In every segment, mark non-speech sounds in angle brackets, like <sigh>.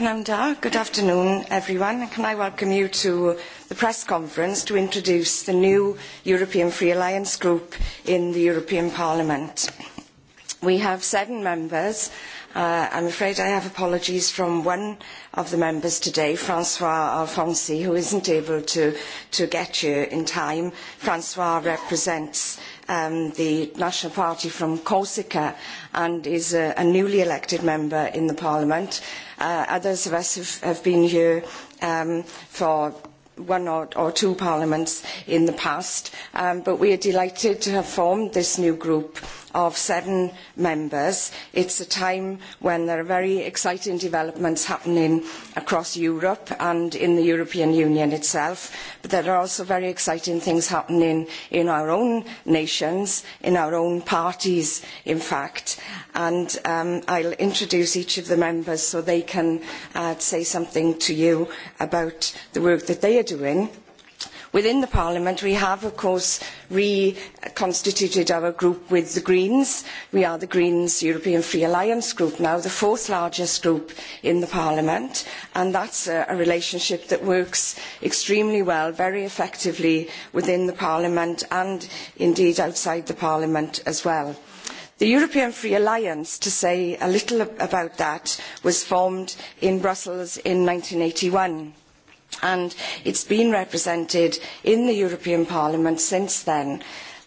Pananda, good afternoon, everyone. Can I welcome you to the press conference to introduce the new European Free Alliance Group in the European Parliament? We have seven members. Uh, I'm afraid I have apologies from one of the members today, Francois Alfonsi, who isn't able to, to get here in time. Francois represents um, the National Party from Corsica and is a, a newly elected member in the Parliament. Uh, others of us have, have been here um, for one or, or, two parliaments in the past, um, but we are delighted to have formed this new group of seven members. It is a time when there are very exciting developments happening across Europe and in the European Union itself, but there are also very exciting things happening in our own nations, in our own parties, in fact. And um, I will introduce each of the members so they can uh, say something to you about the work that they are doing Within Parliament we have of course reconstituted our group with the Greens. We are the Greens European Free Alliance group now, the fourth largest group in Parliament and that is a, a relationship that works extremely well, very effectively within the Parliament and indeed outside the Parliament as well. The European Free Alliance, to say a little about that, was formed in Brussels in eighty one and it has been represented in the European Parliament since then.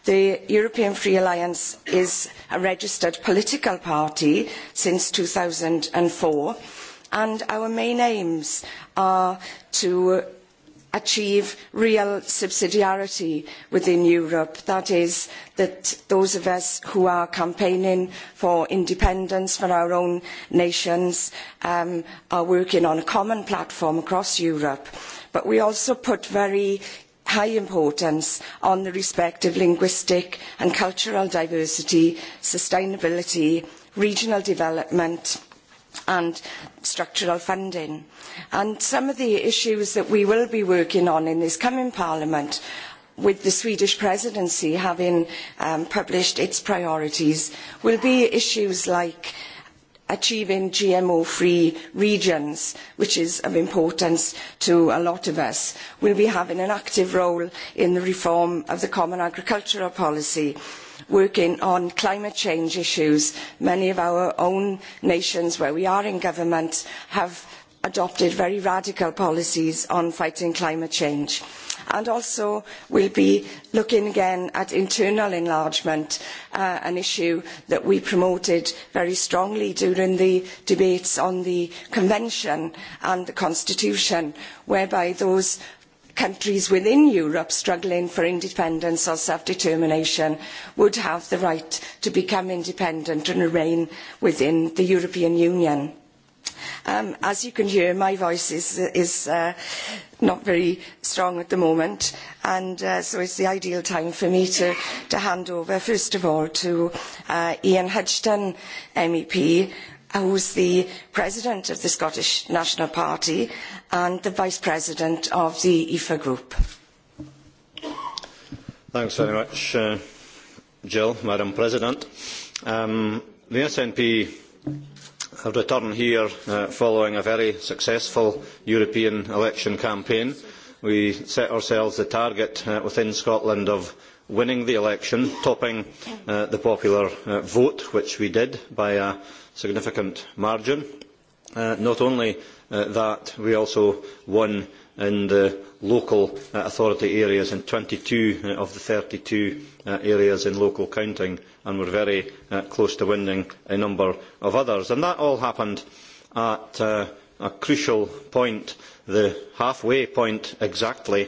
The European Free Alliance is a registered political party since two thousand four and our main aims are to achieve real subsidiarity within Europe. That is, that those of us who are campaigning for independence for our own nations um, are working on a common platform across Europe. But we also put very high importance on the respect of linguistic and cultural diversity, sustainability, regional development, and structural funding. And some of the issues that we will be working on in this coming Parliament with the Swedish presidency having um, published its priorities will be issues like achieving GMO-free regions, which is of importance to a lot of us. We'll be having an active role in the reform of the Common Agricultural Policy working on climate change issues. Many of our own nations where we are in government have adopted very radical policies on fighting climate change. And also we will be looking again at internal enlargement, uh, an issue that we promoted very strongly during the debates on the Convention and the Constitution, whereby those countries within Europe struggling for independence or self-determination would have the right to become independent and remain within the European Union. Um, as you can hear, my voice is, is uh, not very strong at the moment, and uh, so it's the ideal time for me to, to hand over, first of all, to uh, Ian Hudgton, MEP, Uh, who is the president of the Scottish National Party and the vice president of the IFA group. Thanks very much, uh, Jill, Madam President. Um, the SNP have returned here uh, following a very successful European election campaign. We set ourselves the target uh, within Scotland of winning the election, topping uh, the popular uh, vote, which we did by a significant margin. Uh, not only uh, that, we also won in the local uh, authority areas in twenty two uh, of the thirty two uh, areas in local counting and were very close to winning a number of others. And that all happened at a crucial point, the halfway point exactly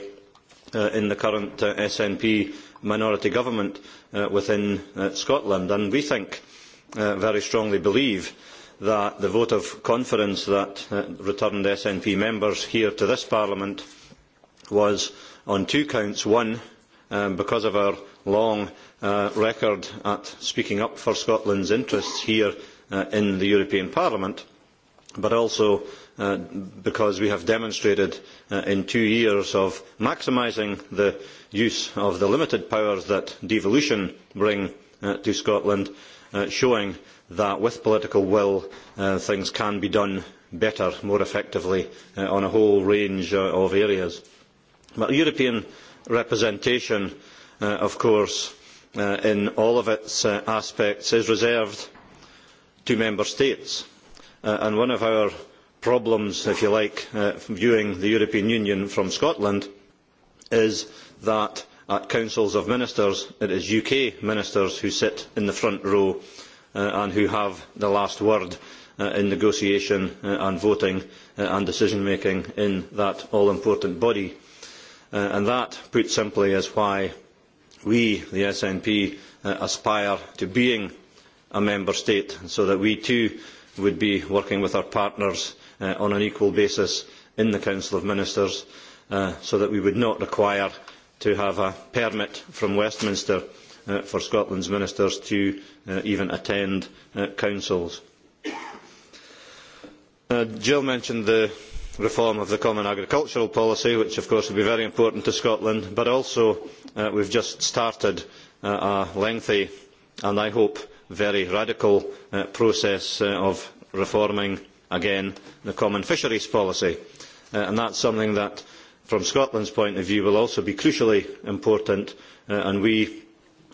Uh, in the current uh, SNP minority government uh, within Scotland. And we think uh, very strongly believe that the vote of confidence that uh, returned SNP members here to this Parliament was on two counts. One, um, because of our long uh, record at speaking up for Scotland's interests here uh, in the European Parliament, but also Uh, because we have demonstrated uh, in two years of maximising the use of the limited powers that devolution brings uh, to Scotland Uh, showing that with political will uh, things can be done better, more effectively uh, on a whole range uh, of areas. But European representation, uh, of course, in all of its aspects is reserved to member states. and one of our problems, if you like, viewing the European Union from Scotland is that at councils of ministers, it is UK ministers who sit in the front row uh, and who have the last word uh, in negotiation uh, and voting and decision making in that all important body. And that, put simply, is why we, the SNP, aspire to being a member state, so that we too would be working with our partners on an equal basis in the Council of Ministers, so that we would not require to have a permit from Westminster uh, for Scotland's ministers to uh, even attend uh, councils. Uh, Jill mentioned the reform of the common agricultural policy, which of course will be very important to Scotland, but also uh, we have just started a lengthy and I hope very radical process of reforming again the common fisheries policy. Uh, and that is something that from Scotland's point of view will also be crucially important uh, and we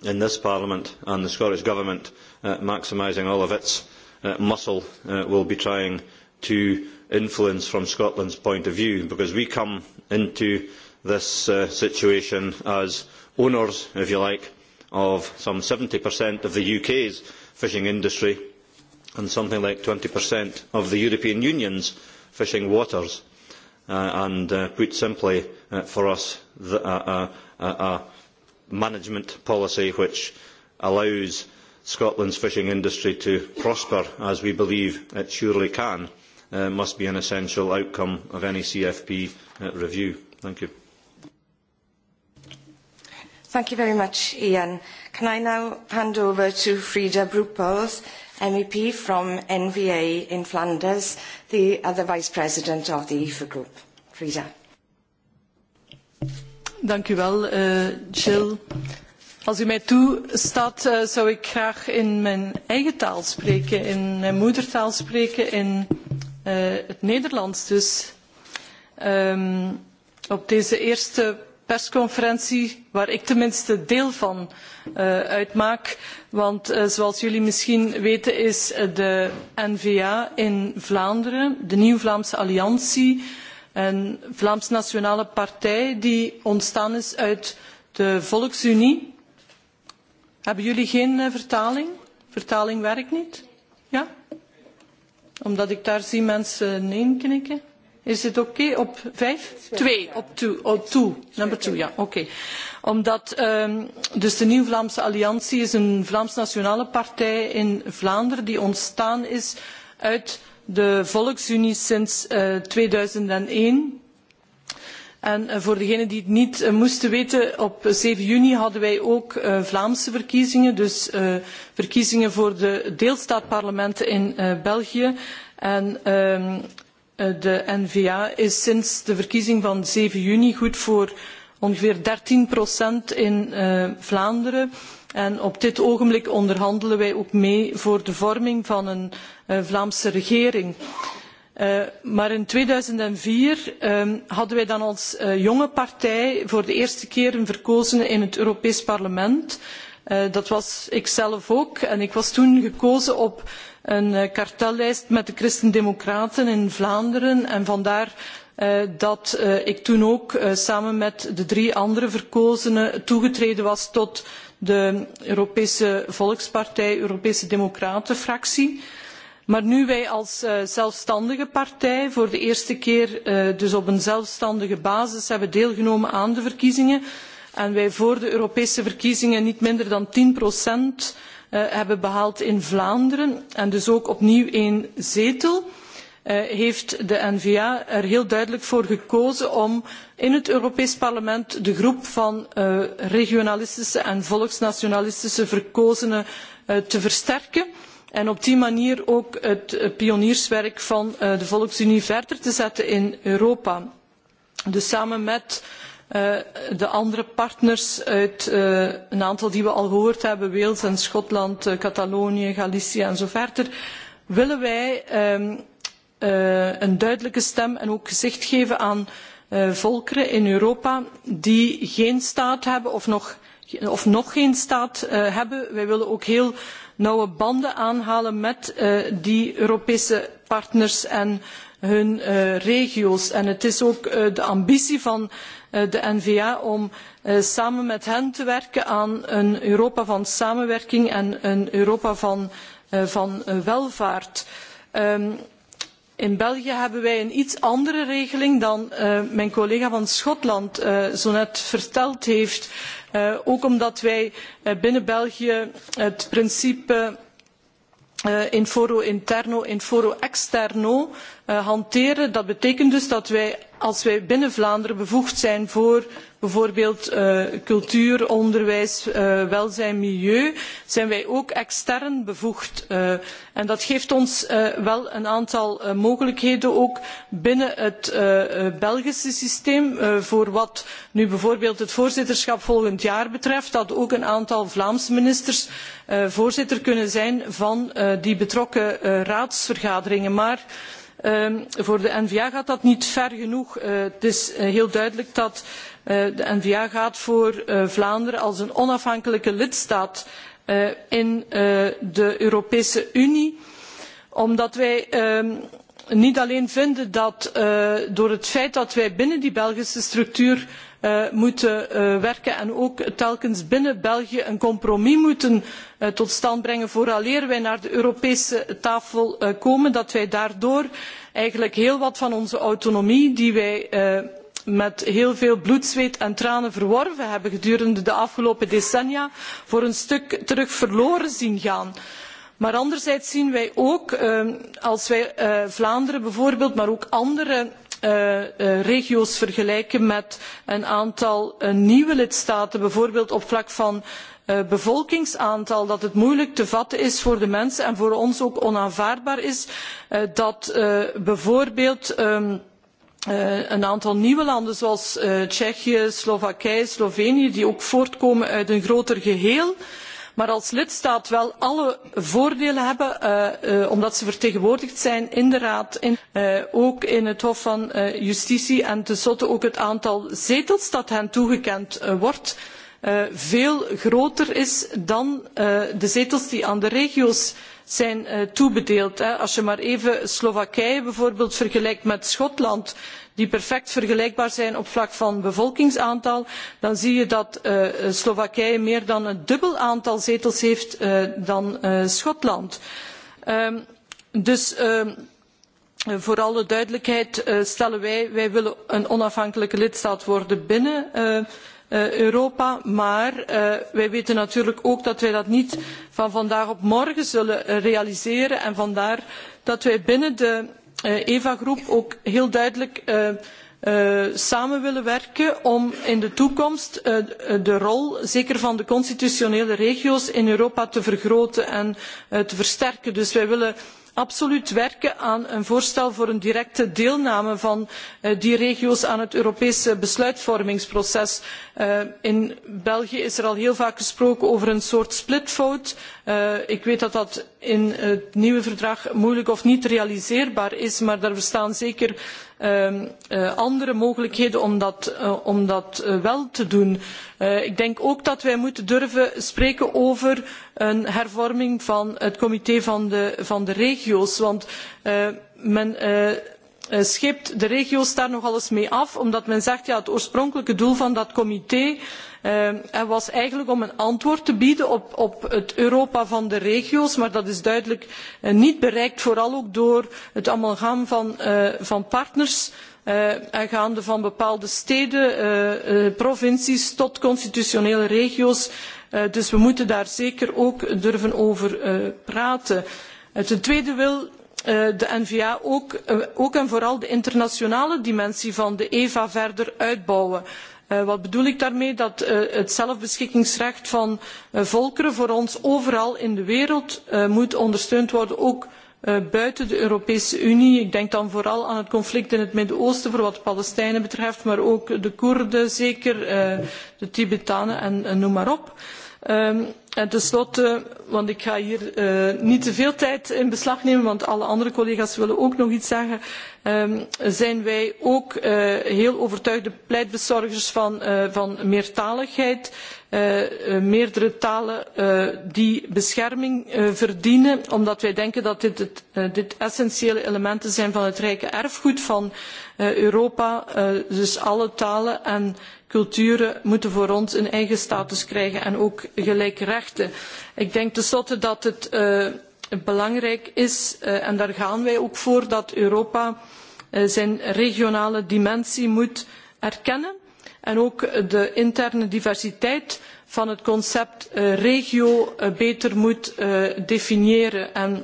in this Parliament and the Scottish Government uh, maximising all of its uh, muscle uh, will be trying to influence from Scotland's point of view because we come into this uh, situation as owners, if you like, of some 70% of the UK's fishing industry and something like 20% of the European Union's fishing waters Uh, and uh, put simply uh, for us a uh, management policy which allows Scotland's fishing industry to prosper as we believe it surely can must be an essential outcome of any CFP review. Thank you. Thank you very much, Ian. Can I now hand over to Frida MEP from NVA in Flanders, the other Vice President of the EFA Group. Frida. Dank u wel, uh, Jill. Als u mij toestaat, uh, zou ik graag in mijn eigen taal spreken, in mijn moedertaal spreken, in uh, het Nederlands dus. Um, op deze eerste persconferentie waar ik tenminste deel van eh, uitmaak want eh, zoals jullie misschien weten is de n va in vlaanderen de nieuw vlaamse alliantie een vlaams nationale partij die ontstaan is uit de volksunie. hebben jullie geen eh, vertaling? vertaling werkt niet? ja? omdat ik daar zie mensen neen knikken. Is het oké okay? op vijf? Twee, op twee. op twee. number two, ja, oké. Okay. Omdat um, dus de Nieuw Vlaamse Alliantie is een Vlaams Nationale Partij in Vlaanderen die ontstaan is uit de Volksunie sinds uh, eh, 2001. En uh, voor degenen die het niet uh, moesten weten, op 7 juni hadden wij ook uh, Vlaamse verkiezingen, dus uh, verkiezingen voor de deelstaatparlementen in uh, België. En... Um, de n va is sinds de verkiezing van zeven juni goed voor ongeveer dertien procent in eh, vlaanderen en op dit ogenblik onderhandelen wij ook mee voor de vorming van een eh, vlaamse regering. Eh, maar in tweeduizendvier ehm, hadden wij dan als jonge partij voor de eerste keer een verkozene in het europees parlement. Eh, dat was ikzelf ook en ik was toen gekozen op een eh, kartellijst met de christen democraten in vlaanderen en vandaar eh, dat ik toen ook samen met de drie andere verkozenen toegetreden was tot de europese volkspartij europese democraten fractie. maar nu wij als zelfstandige partij voor de eerste keer dus op een zelfstandige basis hebben deelgenomen aan de verkiezingen en wij voor de Europese verkiezingen niet minder dan tien procent eh, hebben behaald in Vlaanderen en dus ook opnieuw één zetel, eh, heeft de N-VA er heel duidelijk voor gekozen om in het Europees Parlement de groep van eh, regionalistische en volksnationalistische verkozenen te versterken en op die manier ook het pionierswerk van de Volksunie verder te zetten in Europa. Dus samen met Eh, de andere partners uit eh, een aantal die we al gehoord hebben, Wales en Schotland, eh, Catalonië, Galicië en zo verder, willen wij ehm, een duidelijke stem en ook gezicht geven aan volkeren in Europa die geen staat hebben of nog, of nog geen staat hebben. Wij willen ook heel nauwe banden aanhalen met die Europese partners en hun eh, regio's. En het is ook eh, de ambitie van eh, de n va om samen met hen te werken aan een europa van samenwerking en een europa van, welvaart. Ehm, in belgië hebben wij een iets andere regeling dan mijn collega van schotland zo net verteld heeft ook omdat wij binnen belgië het principe in foro interno in foro externo Eh, hanteren. dat betekent dus dat wij als wij binnen vlaanderen bevoegd zijn voor bijvoorbeeld eh, cultuur onderwijs eh, welzijn milieu zijn wij ook extern bevoegd zijn. dat geeft ons wel een aantal mogelijkheden ook binnen het belgische systeem voor wat nu bijvoorbeeld het voorzitterschap volgend jaar betreft dat ook een aantal vlaamse ministers voorzitter kunnen zijn van die betrokken raadsvergaderingen. maar Ehm, voor de n va gaat dat niet ver genoeg. Eh, het is eh, heel duidelijk dat eh, de n va gaat voor vlaanderen als een onafhankelijke lidstaat in de europese unie omdat wij ehm, niet alleen vinden dat door het feit dat wij binnen die belgische structuur Eh, moeten eh, werken en ook telkens binnen belgië een compromis moeten eh, tot stand brengen vooraleer wij naar de europese tafel komen dat wij daardoor eigenlijk heel wat van onze autonomie die wij met heel veel bloed zweet en tranen verworven hebben gedurende de afgelopen decennia voor een stuk terug verloren zien gaan maar anderzijds zien wij ook als wij vlaanderen bijvoorbeeld maar ook andere Eh, eh, regio's vergelijken met een aantal eh, nieuwe lidstaten bijvoorbeeld op vlak van bevolkingsaantal dat het moeilijk te vatten is voor de mensen en voor ons ook onaanvaardbaar is dat bijvoorbeeld ehm, een aantal nieuwe landen zoals tsjechië slowakije slovenië die ook voortkomen uit een groter geheel maar als lidstaat wel alle voordelen hebben eh, eh, omdat ze vertegenwoordigd zijn in de raad eh, ook in het hof van justitie en tenslotte ook het aantal zetels dat hen toegekend wordt veel groter is dan de zetels die aan de regio's zijn toebedeeld. als je maar even slowakije bijvoorbeeld vergelijkt met schotland die perfect vergelijkbaar zijn op vlak van bevolkingsaantal dan zie je dat eh, slowakije meer dan het dubbele aantal zetels heeft eh, dan eh, schotland. Ehm, dus ehm, voor alle duidelijkheid stellen wij wij willen een onafhankelijke lidstaat worden binnen europa maar wij weten natuurlijk ook dat wij dat niet van vandaag op morgen zullen realiseren en vandaar dat wij binnen de Eh, eva groep ook heel duidelijk eh, eh, samen willen werken om in de toekomst de rol zeker van de constitutionele regio's in europa te vergroten en te versterken. dus wij willen absoluut werken aan een voorstel voor een directe deelname van eh, die regio's aan het Europese besluitvormingsproces. Eh, in België is er al heel vaak gesproken over een soort vote. Eh, ik weet dat dat in het nieuwe verdrag moeilijk of niet realiseerbaar is, maar daar bestaan zeker Ehm, eh, andere mogelijkheden om dat, eh, eh, wel te doen. ik denk ook dat wij moeten durven spreken over een hervorming van het comité van de, van de regio's want men Eh, schept de regio's daar nogal eens mee af omdat men zegt dat het oorspronkelijke doel van dat comité eh, was eigenlijk om een antwoord te bieden op, het europa van de regio's maar dat is duidelijk eh, niet bereikt vooral ook door het amalgam van, partners gaande van bepaalde steden provincies tot constitutionele regio's dus we moeten daar zeker ook durven over praten. ten tweede wil Eh, de n va eh, ook, en vooral de internationale dimensie van de eva verder uitbouwen. Eh, wat bedoel ik daarmee? dat het zelfbeschikkingsrecht van volkeren voor ons overal in de wereld moet ondersteund worden ook buiten de europese unie. ik denk dan vooral aan het conflict in het midden oosten voor wat de palestijnen betreft maar ook de koerden zeker de tibetanen en noem maar op ten ehm, en tenslotte, want ik ga hier eh, niet te veel tijd in beslag nemen, want alle andere collega's willen ook nog iets zeggen, ehm, zijn wij ook eh, heel overtuigde pleitbezorgers van eh, meertaligheid Eh, eh, meerdere talen eh, die bescherming verdienen omdat wij denken dat dit, essentiële elementen zijn van het rijke erfgoed van europa. dus alle talen en culturen moeten voor ons een eigen status krijgen en ook gelijke rechten. ik denk tenslotte dat het belangrijk is en daar gaan wij ook voor dat europa zijn regionale dimensie moet erkennen en ook de interne diversiteit van het concept eh, regio eh, beter moet eh, definiëren. En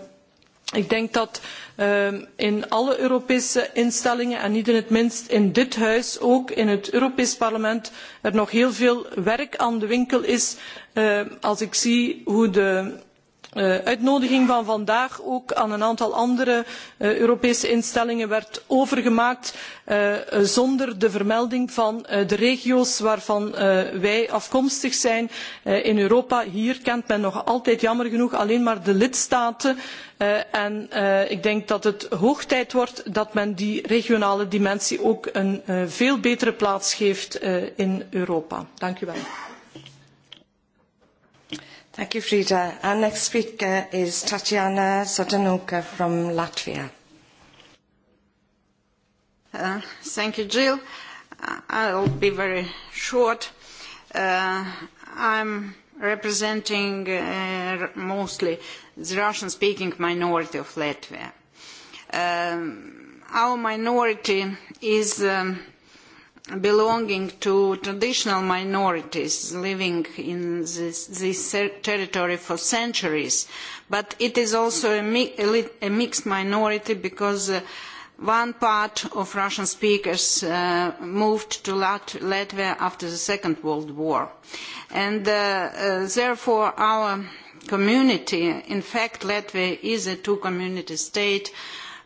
ik denk dat ehm, in alle europese instellingen en niet in het minst in dit huis ook in het europees parlement er nog heel veel werk aan de winkel is ehm, als ik zie hoe de Eh, uitnodiging van vandaag ook aan een aantal andere eh, Europese instellingen werd overgemaakt eh, zonder de vermelding van de regio's waarvan wij afkomstig zijn. In Europa hier kent men nog altijd jammer genoeg alleen maar de lidstaten en ik denk dat het hoog tijd wordt dat men die regionale dimensie ook een veel betere plaats geeft in Europa. Dank u wel. Thank you, Frida. Our next speaker is Tatiana Sodanuka from Latvia. Uh, thank you, Jill. Uh, I'll be very short. Uh, I'm representing uh, mostly the Russian-speaking minority of Latvia. Um, our minority is um, belonging to traditional minorities living in this, this territory for centuries. But it is also a, mi a mixed minority because uh, one part of Russian speakers uh, moved to Lat Latvia after the Second World War. And uh, uh therefore our community, in fact Latvia is a two-community state, uh,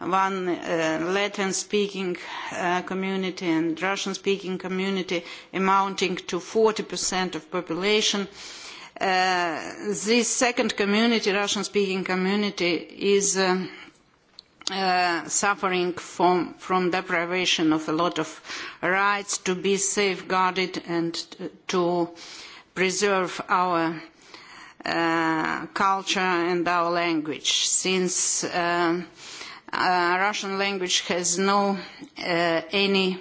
one uh, Latin speaking uh, community and Russian speaking community amounting to 40% of population. Uh, this second community, Russian speaking community, is uh, uh, suffering from, from deprivation of a lot of rights to be safeguarded and to preserve our uh, culture and our language since um, Uh, Russian language has no uh, any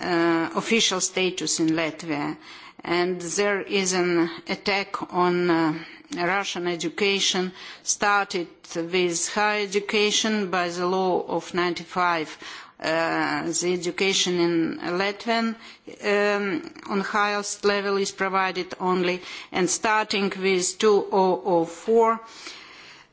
uh, official status in Latvia, and there is an attack on uh, Russian education started with higher education by the law of ninety five. Uh, the education in Latvian um, on highest level is provided only, and starting with two 2004,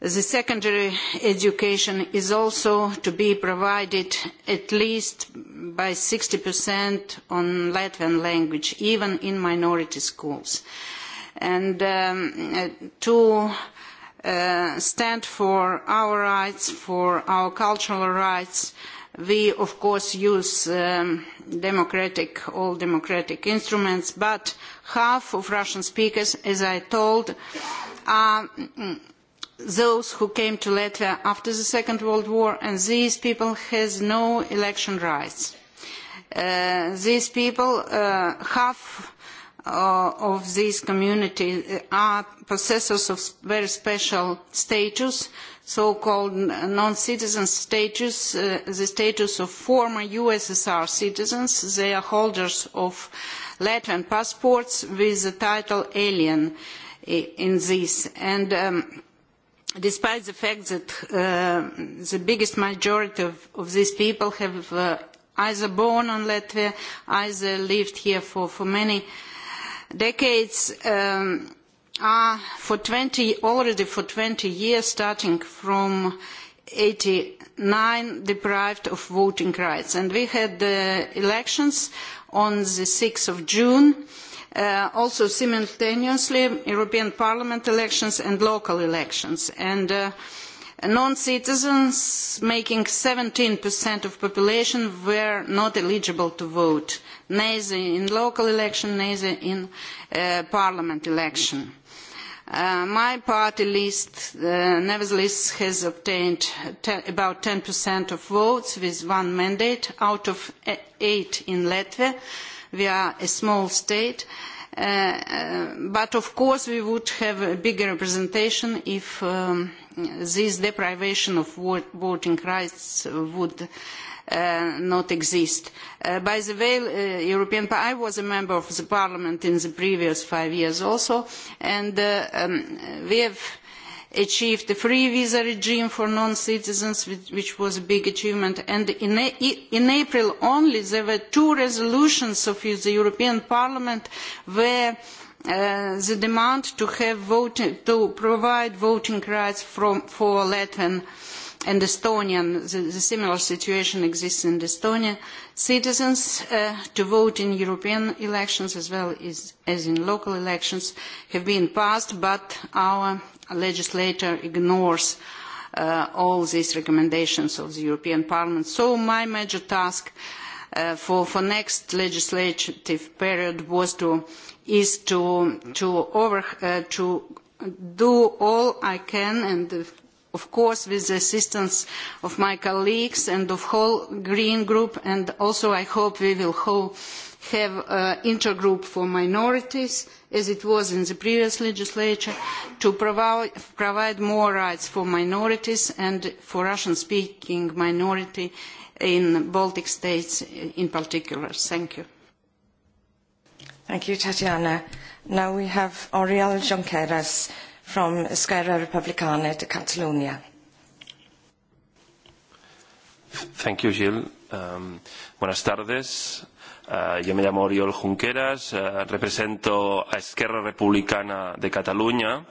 The secondary education is also to be provided at least by 60% on Latvian language, even in minority schools. And um, to uh, stand for our rights, for our cultural rights, we of course use um, democratic, all democratic instruments, but half of Russian speakers, as I told, are those who came to Latvia after the Second World War, and these people have no election rights. Uh, these people, uh, half uh, of this community uh, are possessors of very special status, so-called non-citizen status, uh, the status of former USSR citizens. They are holders of Latvian passports with the title alien in this. And, um, despite the fact that uh, the biggest majority of, of these people have uh, either born in Latvia, either lived here for, for many decades, um, are for 20, already for 20 years, starting from eighty nine deprived of voting rights. And we had the elections on the 6 of June, Uh, also simultaneously European Parliament elections and local elections. And uh, non-citizens, making 17% of population, were not eligible to vote, neither in local election, neither in uh, Parliament election. Uh, my party list uh, nevertheless has obtained te about 10% of votes with one mandate out of e, eight in Latvia we are a small state. Uh, uh, but of course we would have a bigger representation if um, this deprivation of voting rights would uh, not exist. Uh, by the way, uh, European, I was a member of the parliament in the previous five years also, and uh, um, we have achieved a free visa regime for non-citizens, which was a big achievement. And in, in, April only, there were two resolutions of the European Parliament where uh, the demand to, have voting, to provide voting rights from, for Latvian and Estonian, the, the similar situation exists in Estonia, citizens uh, to vote in European elections as well as, as in local elections have been passed, but our legislator ignores uh, all these recommendations of the European Parliament. So my major task uh, for, for next legislative period was to, is to, to, over, uh, to do all I can and of course with the assistance of my colleagues and of the whole Green Group and also I hope we will hold have an uh, intergroup for minorities, as it was in the previous legislature, to provi provide more rights for minorities and for Russian-speaking minority in Baltic states in particular. Thank you. Thank you, Tatiana. Now we have Oriol Junqueras from Esquerra Republicana de Catalunya. Thank you, Gil. Um, buenas tardes. Uh, yo me llamo Oriol Junqueras, uh, represento a Esquerra Republicana de Cataluña,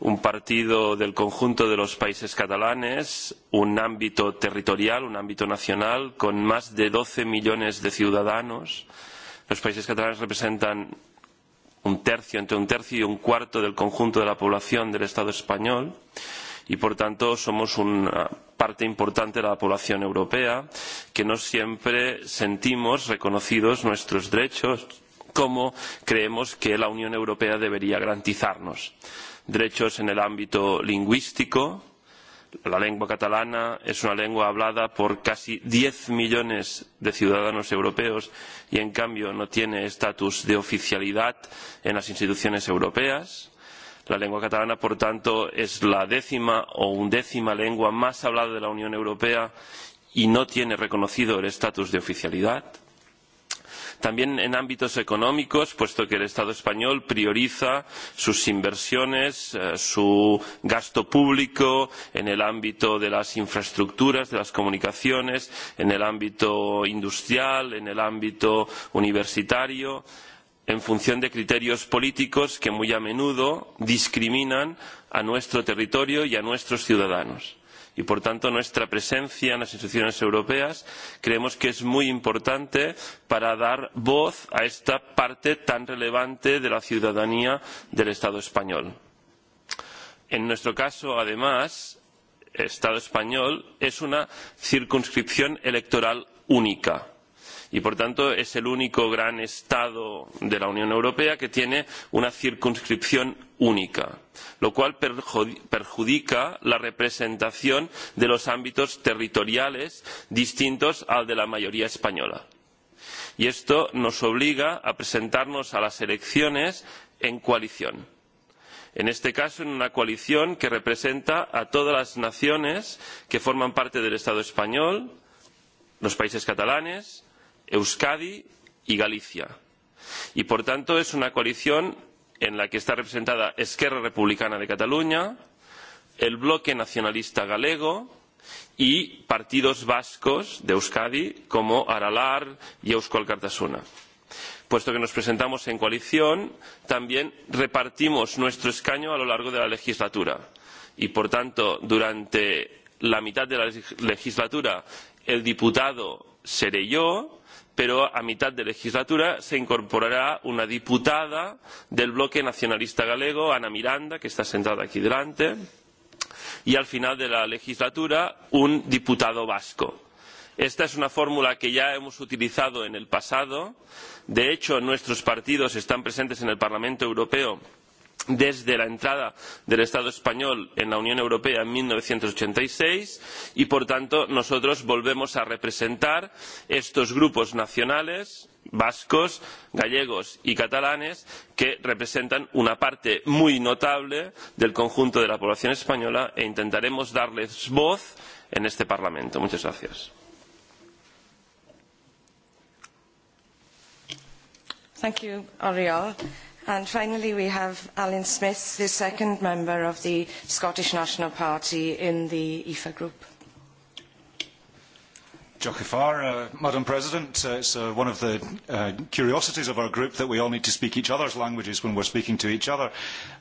un partido del conjunto de los países catalanes, un ámbito territorial, un ámbito nacional, con más de doce millones de ciudadanos. Los países catalanes representan un tercio, entre un tercio y un cuarto del conjunto de la población del Estado español y por tanto somos una ah, parte importante de la población europea que no siempre sentimos reconocidos nuestros derechos como creemos que la Unión Europea debería garantizarnos. Derechos en el ámbito lingüístico, la lengua catalana es una lengua hablada por casi diez millones de ciudadanos europeos y en cambio no tiene estatus de oficialidad en las instituciones europeas La lengua catalana, por tanto, es la décima o undécima lengua más hablada de la Unión Europea y no tiene reconocido el estatus de oficialidad. También en ámbitos económicos, puesto que el Estado español prioriza sus inversiones, eh, su gasto público en el ámbito de las infraestructuras, de las comunicaciones, en el ámbito industrial, en el ámbito universitario en función de criterios políticos que muy a menudo discriminan a nuestro territorio y a nuestros ciudadanos. Y por tanto, nuestra presencia en las instituciones europeas creemos que es muy importante para dar voz a esta parte tan relevante de la ciudadanía del Estado español. En nuestro caso, además, el Estado español es una circunscripción electoral única y por tanto es el único gran estado de la unión europea que tiene una circunscripción única lo cual perjudica la representación de los ámbitos territoriales distintos al de la mayoría española y esto nos obliga a presentarnos a las elecciones en coalición en este caso en una coalición que representa a todas las naciones que forman parte del estado español los países catalanes euskadi y galicia y por tanto es una coalición en la que está representada esquerra republicana de cataluña el bloque nacionalista galego y partidos vascos de euskadi como aralar y eusko alkartasuna. puesto que nos presentamos en coalición también repartimos nuestro escaño a lo largo de la legislatura y por tanto durante la mitad de la legislatura el diputado seré yo pero a mitad de legislatura se incorporará una diputada del bloque nacionalista galego ana miranda que está sentada aquí delante y al final de la legislatura un diputado vasco. esta es una fórmula que ya hemos utilizado en el pasado de hecho nuestros partidos están presentes en el parlamento europeo desde la entrada del Estado español en la Unión Europea en mil novecientos ochenta y seis y, por tanto, nosotros volvemos a representar estos grupos nacionales vascos, gallegos y catalanes que representan una parte muy notable del conjunto de la población española e intentaremos darles voz en este Parlamento. Muchas gracias. Thank you, And finally, we have Alan Smith, the second member of the Scottish National Party in the EFA group. Jochifar, uh, Madam President, uh, it's uh, one of the uh, curiosities of our group that we all need to speak each other's languages when we're speaking to each other.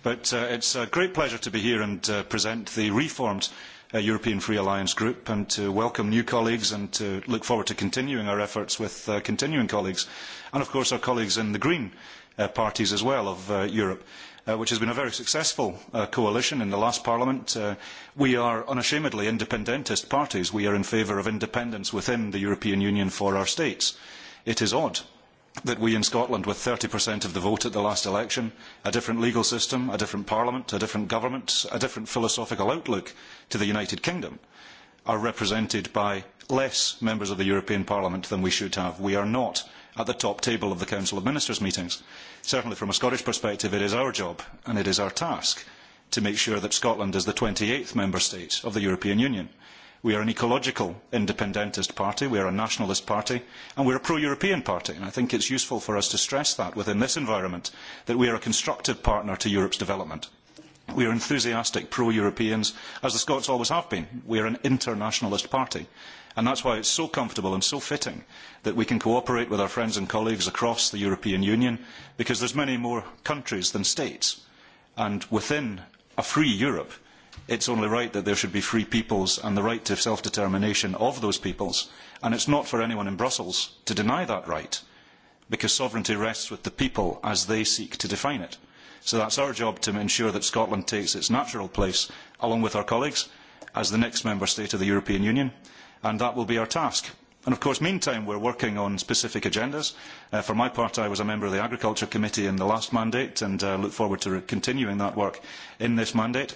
But uh, it's a great pleasure to be here and uh, present the reformed uh, European Free Alliance group and to welcome new colleagues and to look forward to continuing our efforts with uh, continuing colleagues and, of course, our colleagues in the Green Uh, parties as well of uh, Europe. Uh, which has been a very successful uh, coalition in the last parliament. Uh, we are unashamedly independentist parties. We are in favour of independence within the European Union for our states. It is odd that we in Scotland, with 30% of the vote at the last election, a different legal system, a different parliament, a different government, a different philosophical outlook to the United Kingdom, are represented by less members of the European Parliament than we should have. We are not at the top table of the Council of Ministers meetings. Certainly from a Scottish perspective, it is our job and it is our task to make sure that Scotland is the twenty eighth member state of the European Union. We are an ecological independentist party, we are a nationalist party, and we are a pro-European party. And I think it is useful for us to stress that within this environment, that we are a constructive partner to Europe's development. We are enthusiastic pro-Europeans, as the Scots always have been. We are an internationalist party. And that is why it is so comfortable and so fitting that we can cooperate with our friends and colleagues across the European Union, because there are many more countries than states. And within a free Europe, it is only right that there should be free peoples and the right to self-determination of those peoples. And it is not for anyone in Brussels to deny that right, because sovereignty rests with the people as they seek to define it. So that is our job to ensure that Scotland takes its natural place, along with our colleagues, as the next member state of the European Union, and that will be our task. And of course, meantime, we are working on specific agendas. Uh, for my part, I was a member of the Agriculture Committee in the last mandate, and uh, look forward to continuing that work in this mandate.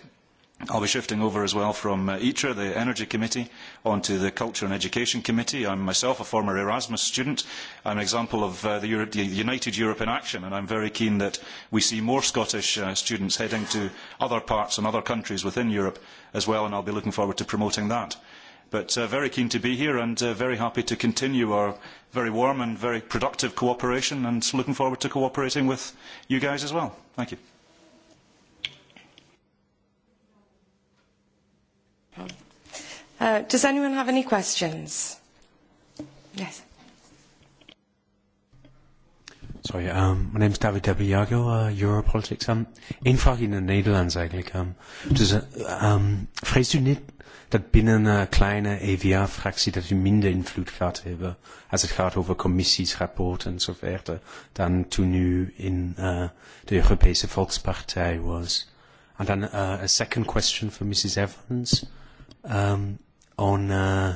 I'll be shifting over as well from uh, ITRA, the Energy Committee, onto the Culture and Education Committee. I'm myself a former Erasmus student. I'm an example of uh, the, the United Europe in action, and I'm very keen that we see more Scottish uh, students heading to other parts and other countries within Europe as well, and I'll be looking forward to promoting that. But uh, very keen to be here and uh, very happy to continue our very warm and very productive cooperation and looking forward to cooperating with you guys as well. Thank you. Uh, does anyone have any questions? Yes. Sorry, um, my is David Debiago, uh, Europolitics. Um, één vraag in het Nederlands eigenlijk. Um, dus, uh, um, vreest u niet dat binnen een kleine EVA-fractie dat u minder invloed gaat hebben als het gaat over commissies, rapporten enzovoort dan toen u in uh, de Europese Volkspartij was? En dan uh, een second question for Mrs. Evans. Um, on uh,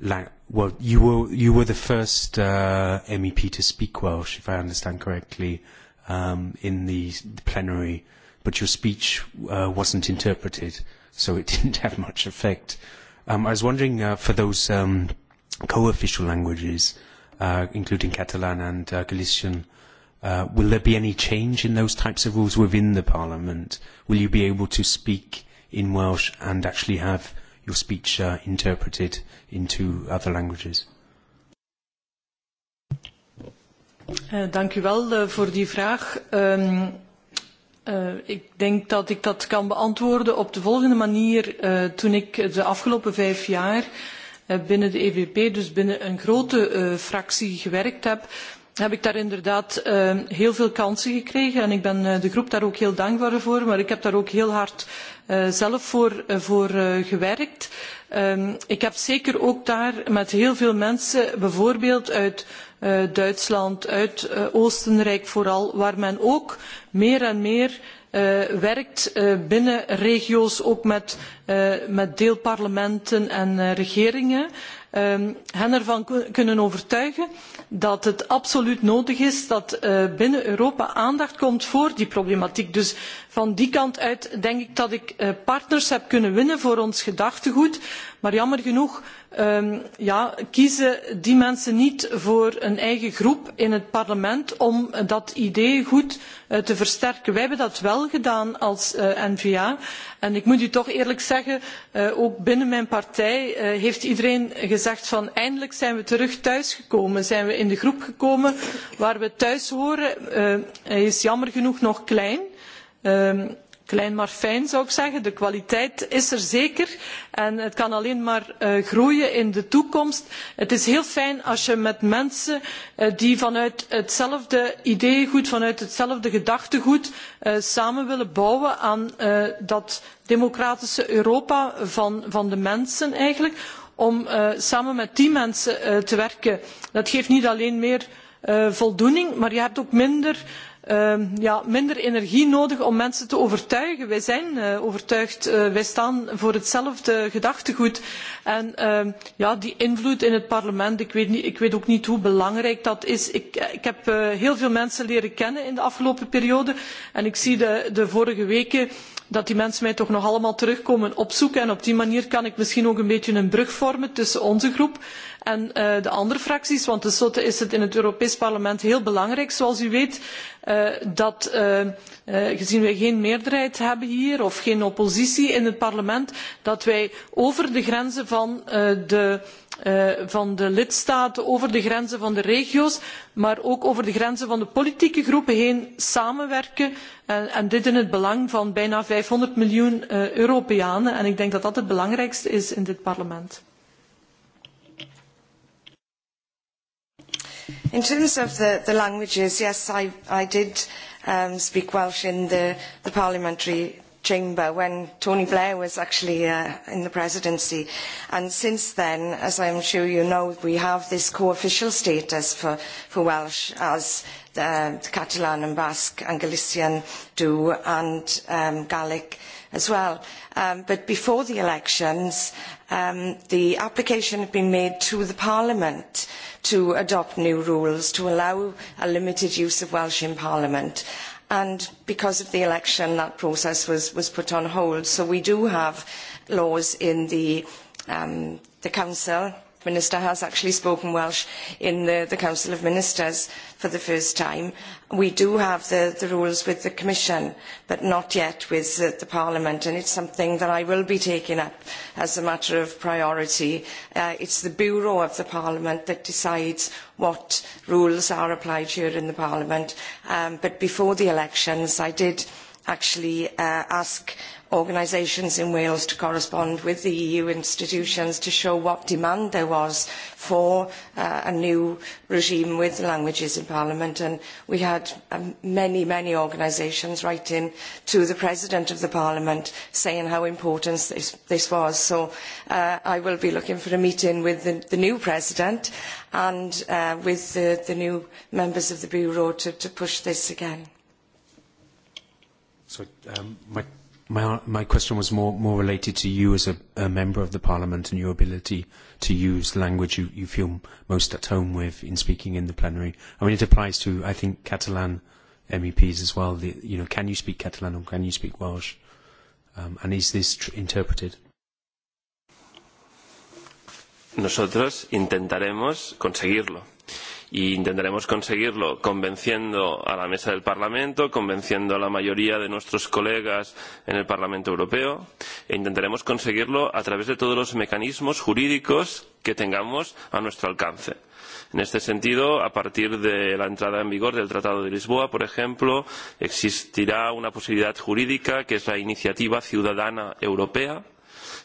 like well you were you were the first uh, MEP to speak Welsh if I understand correctly um, in the, the plenary but your speech uh, wasn't interpreted so it <laughs> didn't have much effect um, I was wondering uh, for those um, co-official languages uh, including Catalan and uh, Galician uh, will there be any change in those types of rules within the parliament will you be able to speak in Welsh and actually have your speech uh, interpreted into other languages? Uh, dank u wel uh, voor die vraag. Um, uh, ik denk dat ik dat kan beantwoorden op de volgende manier. Uh, toen ik de afgelopen vijf jaar uh, binnen de EVP, dus binnen een grote uh, fractie, gewerkt heb, heb ik daar inderdaad ehm, heel veel kansen gekregen. En ik ben eh, de groep daar ook heel dankbaar voor. Maar ik heb daar ook heel hard eh, zelf voor, eh, gewerkt. Ehm, ik heb zeker ook daar met heel veel mensen, bijvoorbeeld uit Duitsland, uit Oostenrijk vooral, waar men ook meer en meer werkt binnen regio's ook met deelparlementen en regeringen ehm, hen ervan kunnen overtuigen dat het absoluut nodig is dat eh, binnen europa aandacht komt voor die problematiek. dus van die kant uit denk ik dat ik eh, partners heb kunnen winnen voor ons gedachtegoed maar jammer genoeg Ehm, kiezen die mensen niet voor een eigen groep in het parlement om dat idee goed eh, te versterken. wij hebben dat wel gedaan als eh, n va en ik moet u toch eerlijk zeggen eh, ook binnen mijn partij heeft iedereen gezegd van eindelijk zijn we terug thuis gekomen zijn we in de groep gekomen waar we thuis horen. hij is jammer genoeg nog klein. Ehm, klein maar fijn zou ik zeggen. de kwaliteit is er zeker en het kan alleen maar eh, groeien in de toekomst. het is heel fijn als je met mensen eh, die vanuit hetzelfde ideeëngoed vanuit hetzelfde gedachtegoed eh, samen willen bouwen aan dat democratische europa van de mensen eigenlijk om samen met die mensen te werken. dat geeft niet alleen meer voldoening maar je hebt ook minder Ehm, minder energie nodig om mensen te overtuigen. Wij zijn eh, overtuigd, eh, wij staan voor hetzelfde gedachtegoed. En ehm, ja, die invloed in het parlement, ik weet, ook niet hoe belangrijk dat is. Ik, eh, heb heel veel mensen leren kennen in de afgelopen periode en ik zie de vorige weken dat die mensen mij toch nog allemaal terugkomen opzoeken. En op die manier kan ik misschien ook een beetje een brug vormen tussen onze groep en uh, de andere fracties. Want tenslotte is het in het Europees Parlement heel belangrijk, zoals u weet, uh, dat uh, gezien wij geen meerderheid hebben hier of geen oppositie in het parlement, dat wij over de grenzen van de Eh, van de lidstaten over de grenzen van de regio's maar ook over de grenzen van de politieke groepen heen samenwerken en, en dit in het belang van bijna vijfhonderd miljoen eh, europeanen en ik denk dat dat het belangrijkste is in dit parlement. In terms of the, the languages, yes, I, I did um, speak Welsh in the, the parliamentary chamber when Tony Blair was actually uh, in the presidency. And since then, as I am sure you know, we have this co-official status for, for Welsh as the um, Catalan and Basque and Galician do and um, Gaelic as well. Um, but before the elections, um, the application had been made to the Parliament to adopt new rules to allow a limited use of Welsh in Parliament and because of the election that process was, was put on hold. So we do have laws in the, um, the Council Minister has actually spoken Welsh in the, the Council of Ministers for the first time. We do have the, the rules with the Commission, but not yet with the, the Parliament, and it's something that I will be taking up as a matter of priority. Uh, it's the Bureau of the Parliament that decides what rules are applied here in the Parliament, um, but before the elections I did actually uh, ask organisations in Wales to correspond with the EU institutions to show what demand there was for uh, a new regime with languages in Parliament. And we had um, many, many organisations writing to the President of the Parliament saying how important this, this was. So uh, I will be looking for a meeting with the, the new President and uh, with the, the, new members of the Bureau to, to push this again. So um, my, my, my question was more, more related to you as a, a member of the parliament and your ability to use the language you, you feel most at home with in speaking in the plenary. I mean, it applies to, I think, Catalan MEPs as well. The, you know, can you speak Catalan or can you speak Welsh? Um, and is this tr interpreted? Nosotros intentaremos conseguirlo e intentaremos conseguirlo convenciendo a la mesa del Parlamento, convenciendo a la mayoría de nuestros colegas en el Parlamento Europeo e intentaremos conseguirlo a través de todos los mecanismos jurídicos que tengamos a nuestro alcance. En este sentido, a partir de la entrada en vigor del Tratado de Lisboa, por ejemplo, existirá una posibilidad jurídica que es la iniciativa ciudadana europea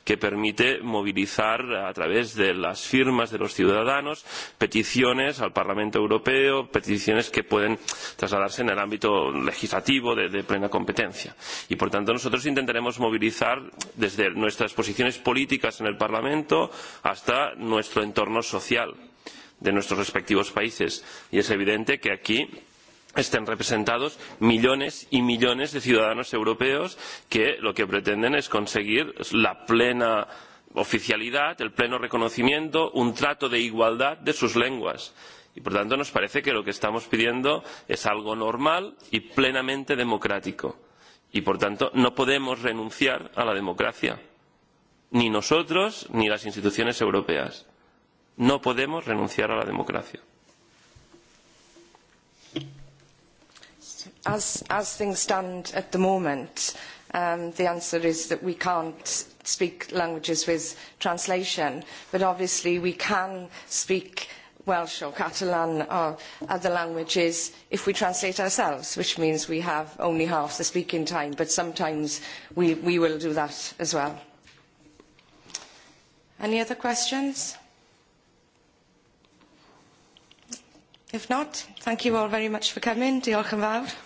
que permite movilizar a través de las firmas de los ciudadanos peticiones al Parlamento Europeo, peticiones que pueden trasladarse en el ámbito legislativo de, de plena competencia. Y por tanto nosotros intentaremos movilizar desde nuestras posiciones políticas en el Parlamento hasta nuestro entorno social de nuestros respectivos países. Y es evidente que aquí estén representados millones y millones de ciudadanos europeos que lo que pretenden es conseguir la plena oficialidad, el pleno reconocimiento, un trato de igualdad de sus lenguas. Y por tanto nos parece que lo que estamos pidiendo es algo normal y plenamente democrático. Y por tanto no podemos renunciar a la democracia. Ni nosotros ni las instituciones europeas. No podemos renunciar a la democracia. as, as things stand at the moment, um, the answer is that we can't speak languages with translation, but obviously we can speak Welsh or Catalan or other languages if we translate ourselves, which means we have only half the speaking time, but sometimes we, we will do that as well. Any other questions? If not, thank you all very much for coming. Diolch yn fawr.